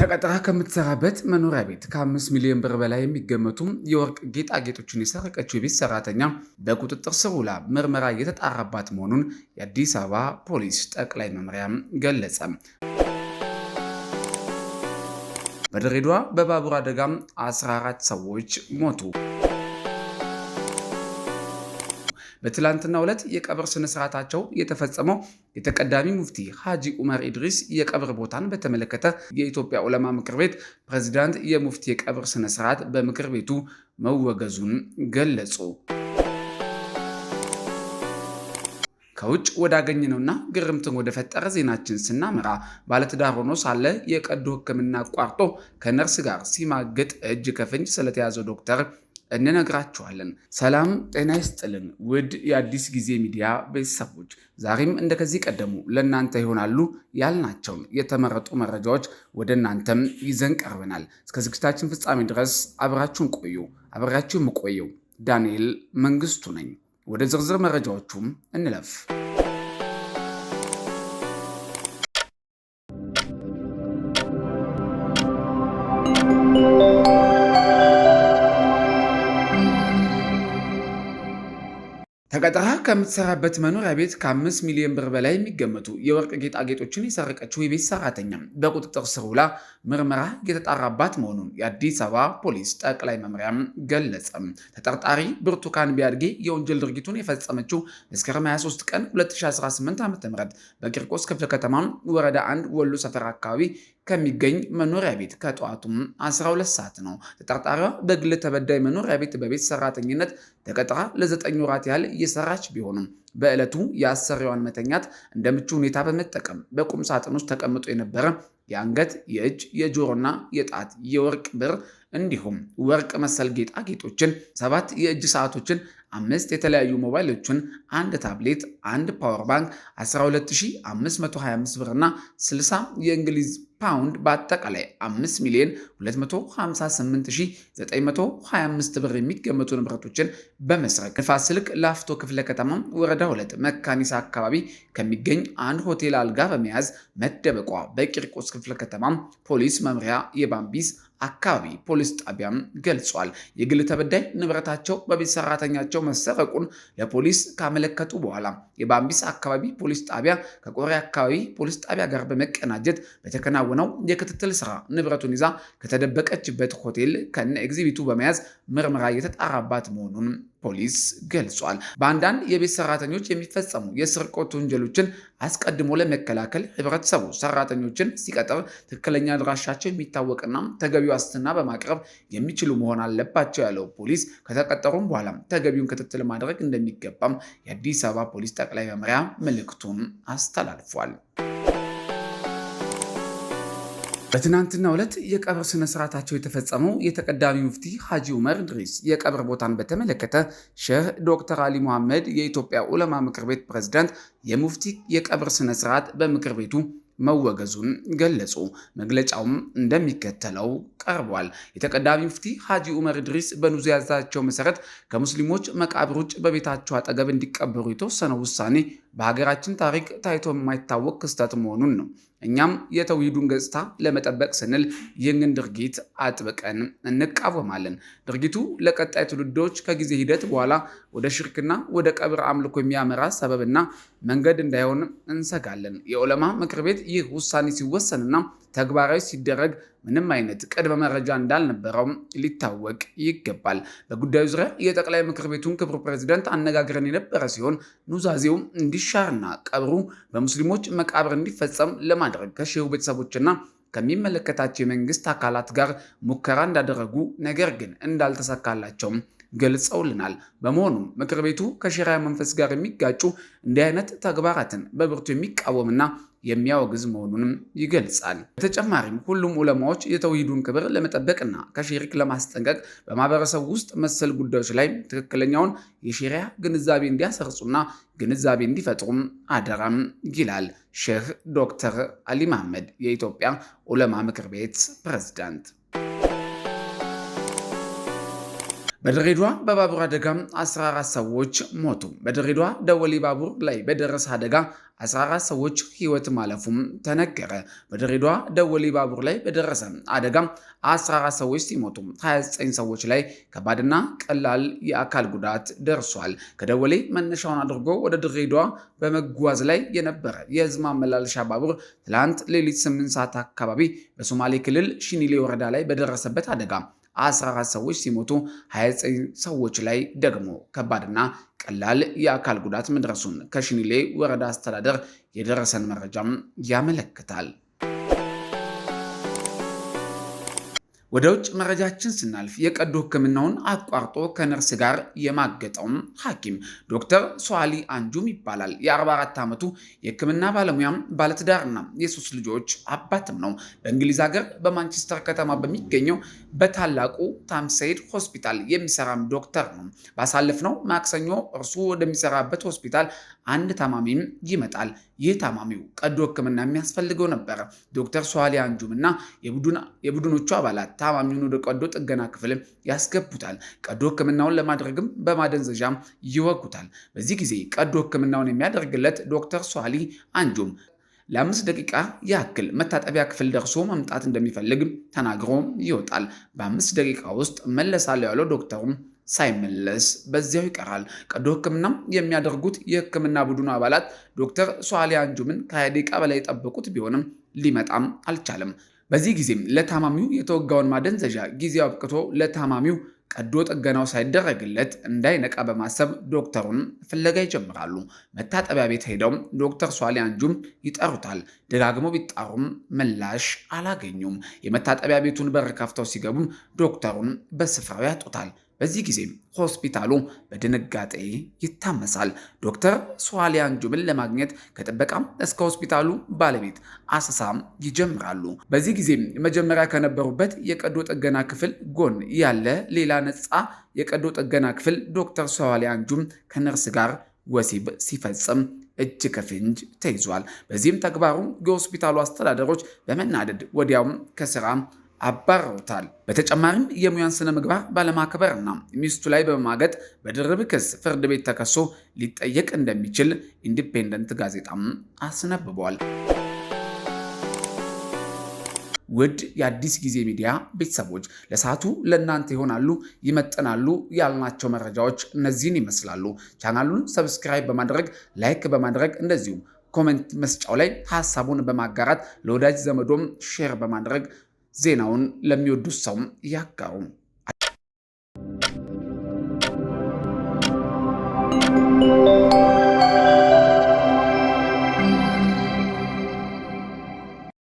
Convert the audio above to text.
ተቀጥራ ከምትሰራበት መኖሪያ ቤት ከአምስት ሚሊዮን ብር በላይ የሚገመቱ የወርቅ ጌጣጌጦችን የሰረቀችው የቤት ሰራተኛ በቁጥጥር ስር ውላ ምርመራ እየተጣራባት መሆኑን የአዲስ አበባ ፖሊስ ጠቅላይ መምሪያ ገለጸ። በድሬዳዋ በባቡር አደጋ 14 ሰዎች ሞቱ። በትላንትናው ዕለት የቀብር ስነስርዓታቸው የተፈጸመው የተቀዳሚ ሙፍቲ ሐጂ ኡመር ኢድሪስ የቀብር ቦታን በተመለከተ የኢትዮጵያ ዑለማ ምክር ቤት ፕሬዚዳንት የሙፍቲ የቀብር ስነስርዓት በምክር ቤቱ መወገዙን ገለጹ። ከውጭ ወዳገኘነውና ግርምትን ወደ ፈጠረ ዜናችን ስናመራ ባለትዳር ሆኖ ሳለ የቀዶ ሕክምና አቋርጦ ከነርስ ጋር ሲማግጥ እጅ ከፍንጅ ስለተያዘው ዶክተር እንነግራችኋለን። ሰላም ጤና ይስጥልን ውድ የአዲስ ጊዜ ሚዲያ ቤተሰቦች፣ ዛሬም እንደከዚህ ቀደሙ ለእናንተ ይሆናሉ ያልናቸውን የተመረጡ መረጃዎች ወደ እናንተም ይዘን ቀርበናል። እስከ ዝግጅታችን ፍጻሜ ድረስ አብራችሁን ቆዩ። አብራችሁ የምቆየው ዳንኤል መንግስቱ ነኝ። ወደ ዝርዝር መረጃዎቹም እንለፍ። ቀጠራ ከምትሰራበት መኖሪያ ቤት ከአምስት ሚሊዮን ብር በላይ የሚገመቱ የወርቅ ጌጣጌጦችን የሰረቀችው የቤት ሰራተኛ በቁጥጥር ስር ውላ ምርመራ የተጣራባት መሆኑን የአዲስ አበባ ፖሊስ ጠቅላይ መምሪያም ገለጸ። ተጠርጣሪ ብርቱካን ቢያድጌ የወንጀል ድርጊቱን የፈጸመችው መስከረም 23 ቀን 2018 ም በቂርቆስ ክፍለ ከተማ ወረዳ 1 ወሎ ሰፈር አካባቢ ከሚገኝ መኖሪያ ቤት ከጠዋቱም 12 ሰዓት ነው። ተጠርጣሪዋ በግል ተበዳይ መኖሪያ ቤት በቤት ሰራተኝነት ተቀጥራ ለዘጠኝ ወራት ያህል እየሰራች ቢሆንም በዕለቱ የአሰሪዋን መተኛት እንደ ምቹ ሁኔታ በመጠቀም በቁም ሳጥን ውስጥ ተቀምጦ የነበረ የአንገት፣ የእጅ፣ የጆሮና የጣት የወርቅ ብር እንዲሁም ወርቅ መሰል ጌጣጌጦችን፣ ሰባት የእጅ ሰዓቶችን፣ አምስት የተለያዩ ሞባይሎችን፣ አንድ ታብሌት፣ አንድ ፓወር ባንክ 12525 ብርና 60 የእንግሊዝ ፓውንድ በአጠቃላይ 5 ሚሊዮን 258925 ብር የሚገመቱ ንብረቶችን በመስረቅ ንፋስ ስልክ ላፍቶ ክፍለ ከተማ ወረዳ ሁለት መካኒሳ አካባቢ ከሚገኝ አንድ ሆቴል አልጋ በመያዝ መደበቋ በቂርቆስ ክፍለ ከተማ ፖሊስ መምሪያ የባምቢስ አካባቢ ፖሊስ ጣቢያም ገልጿል። የግል ተበዳይ ንብረታቸው በቤት ሰራተኛቸው መሰረቁን ለፖሊስ ካመለከቱ በኋላ የባምቢስ አካባቢ ፖሊስ ጣቢያ ከቆሬ አካባቢ ፖሊስ ጣቢያ ጋር በመቀናጀት በተከናወነው የክትትል ስራ ንብረቱን ይዛ ከተደበቀችበት ሆቴል ከነ ኤግዚቢቱ በመያዝ ምርመራ የተጣራባት መሆኑን ፖሊስ ገልጿል። በአንዳንድ የቤት ሰራተኞች የሚፈጸሙ የስርቆት ወንጀሎችን አስቀድሞ ለመከላከል ህብረተሰቡ ሰራተኞችን ሲቀጥር ትክክለኛ አድራሻቸው የሚታወቅና ተገቢ ዋስትና በማቅረብ የሚችሉ መሆን አለባቸው ያለው ፖሊስ ከተቀጠሩም በኋላም ተገቢውን ክትትል ማድረግ እንደሚገባም የአዲስ አበባ ፖሊስ ጠቅላይ መምሪያ መልእክቱን አስተላልፏል። በትናንትናው ዕለት የቀብር ስነ ስርዓታቸው የተፈጸመው የተቀዳሚ ሙፍቲ ሐጂ ዑመር ድሪስ የቀብር ቦታን በተመለከተ ሼህ ዶክተር አሊ ሙሐመድ የኢትዮጵያ ዑለማ ምክር ቤት ፕሬዝዳንት የሙፍቲ የቀብር ስነ ስርዓት በምክር ቤቱ መወገዙን ገለጹ። መግለጫውም እንደሚከተለው ቀርቧል። የተቀዳሚ ሙፍቲ ሐጂ ዑመር ድሪስ ያዛቸው መሰረት ከሙስሊሞች መቃብር ውጭ በቤታቸው አጠገብ እንዲቀበሩ የተወሰነው ውሳኔ በሀገራችን ታሪክ ታይቶ የማይታወቅ ክስተት መሆኑን ነው እኛም የተውሂዱን ገጽታ ለመጠበቅ ስንል ይህንን ድርጊት አጥብቀን እንቃወማለን። ድርጊቱ ለቀጣይ ትውልዶች ከጊዜ ሂደት በኋላ ወደ ሽርክና ወደ ቀብር አምልኮ የሚያመራ ሰበብና መንገድ እንዳይሆን እንሰጋለን። የዑለማ ምክር ቤት ይህ ውሳኔ ሲወሰንና ተግባራዊ ሲደረግ ምንም አይነት ቅድመ መረጃ እንዳልነበረው ሊታወቅ ይገባል። በጉዳዩ ዙሪያ የጠቅላይ ምክር ቤቱን ክቡር ፕሬዚደንት አነጋግረን የነበረ ሲሆን ኑዛዜው እንዲሻርና ቀብሩ በሙስሊሞች መቃብር እንዲፈጸም ለማድረግ ከሼሁ ቤተሰቦችና ከሚመለከታቸው የመንግስት አካላት ጋር ሙከራ እንዳደረጉ ነገር ግን እንዳልተሳካላቸውም ገልጸውልናል። በመሆኑም ምክር ቤቱ ከሸሪዓ መንፈስ ጋር የሚጋጩ እንዲህ አይነት ተግባራትን በብርቱ የሚቃወምና የሚያወግዝ መሆኑንም ይገልጻል። በተጨማሪም ሁሉም ዑለማዎች የተውሂዱን ክብር ለመጠበቅና ከሽሪክ ለማስጠንቀቅ በማህበረሰብ ውስጥ መሰል ጉዳዮች ላይ ትክክለኛውን የሸሪዓ ግንዛቤ እንዲያሰርጹና ግንዛቤ እንዲፈጥሩም አደራም ይላል ሼህ ዶክተር አሊ መሐመድ የኢትዮጵያ ዑለማ ምክር ቤት ፕሬዝዳንት። በድሬዷ በባቡር አደጋ 14 ሰዎች ሞቱ። በድሬዷ ደወሌ ባቡር ላይ በደረሰ አደጋ 14 ሰዎች ህይወት ማለፉም ተነገረ። በድሬዷ ደወሌ ባቡር ላይ በደረሰ አደጋ 14 ሰዎች ሲሞቱ 29 ሰዎች ላይ ከባድና ቀላል የአካል ጉዳት ደርሷል። ከደወሌ መነሻውን አድርጎ ወደ ድሬዷ በመጓዝ ላይ የነበረ የህዝብ ማመላለሻ ባቡር ትላንት ሌሊት 8 ሰዓት አካባቢ በሶማሌ ክልል ሽኒሌ ወረዳ ላይ በደረሰበት አደጋ 14 ሰዎች ሲሞቱ 29 ሰዎች ላይ ደግሞ ከባድና ቀላል የአካል ጉዳት መድረሱን ከሽኒሌ ወረዳ አስተዳደር የደረሰን መረጃም ያመለክታል። ወደ ውጭ መረጃችን ስናልፍ የቀዶ ሕክምናውን አቋርጦ ከነርስ ጋር የማገጠውም ሐኪም ዶክተር ሶሃሊ አንጁም ይባላል። የ44 ዓመቱ የሕክምና ባለሙያም ባለትዳርና የሶስት ልጆች አባትም ነው። በእንግሊዝ ሀገር በማንቸስተር ከተማ በሚገኘው በታላቁ ታምሰይድ ሆስፒታል የሚሰራም ዶክተር ነው። ነው። ማክሰኞ እርሱ ወደሚሰራበት ሆስፒታል አንድ ታማሚም ይመጣል። ይህ ታማሚው ቀዶ ሕክምና የሚያስፈልገው ነበር። ዶክተር ሷሊ አንጁም እና የቡድኖቹ አባላት ታማሚውን ወደ ቀዶ ጥገና ክፍል ያስገቡታል። ቀዶ ሕክምናውን ለማድረግም በማደንዘዣም ይወጉታል። በዚህ ጊዜ ቀዶ ሕክምናውን የሚያደርግለት ዶክተር ሷሊ አንጁም ለአምስት ደቂቃ ያክል መታጠቢያ ክፍል ደርሶ መምጣት እንደሚፈልግ ተናግሮ ይወጣል። በአምስት ደቂቃ ውስጥ መለሳለሁ ያለው ዶክተሩም ሳይመለስ በዚያው ይቀራል። ቀዶ ሕክምናም የሚያደርጉት የሕክምና ቡድኑ አባላት ዶክተር ሶሃሌ አንጁምን ከሃያ በላይ ጠበቁት፣ ቢሆንም ሊመጣም አልቻለም። በዚህ ጊዜም ለታማሚው የተወጋውን ማደንዘዣ ጊዜው አብቅቶ ለታማሚው ቀዶ ጥገናው ሳይደረግለት እንዳይነቃ በማሰብ ዶክተሩን ፍለጋ ይጀምራሉ። መታጠቢያ ቤት ሄደው ዶክተር ሷሊ አንጁም ይጠሩታል። ደጋግሞ ቢጣሩም ምላሽ አላገኙም። የመታጠቢያ ቤቱን በር ከፍተው ሲገቡም ዶክተሩን በስፍራው ያጡታል። በዚህ ጊዜ ሆስፒታሉ በድንጋጤ ይታመሳል። ዶክተር ሶዋሊያን ጁብን ለማግኘት ከጥበቃም እስከ ሆስፒታሉ ባለቤት አሰሳም ይጀምራሉ። በዚህ ጊዜ መጀመሪያ ከነበሩበት የቀዶ ጥገና ክፍል ጎን ያለ ሌላ ነፃ የቀዶ ጥገና ክፍል ዶክተር ሶዋሊያን ጁም ከነርስ ጋር ወሲብ ሲፈጽም እጅ ከፍንጅ ተይዟል። በዚህም ተግባሩ የሆስፒታሉ አስተዳደሮች በመናደድ ወዲያውም ከስራ አባረውታል። በተጨማሪም የሙያን ስነ ምግባር ባለማክበርና ሚስቱ ላይ በማገጥ በድርብ ክስ ፍርድ ቤት ተከሶ ሊጠየቅ እንደሚችል ኢንዲፔንደንት ጋዜጣም አስነብቧል። ውድ የአዲስ ጊዜ ሚዲያ ቤተሰቦች ለሰዓቱ ለእናንተ ይሆናሉ ይመጥናሉ ያልናቸው መረጃዎች እነዚህን ይመስላሉ። ቻናሉን ሰብስክራይብ በማድረግ ላይክ በማድረግ እንደዚሁም ኮሜንት መስጫው ላይ ሀሳቡን በማጋራት ለወዳጅ ዘመዶም ሼር በማድረግ ዜናውን ለሚወዱት ሰውም ያጋሩ።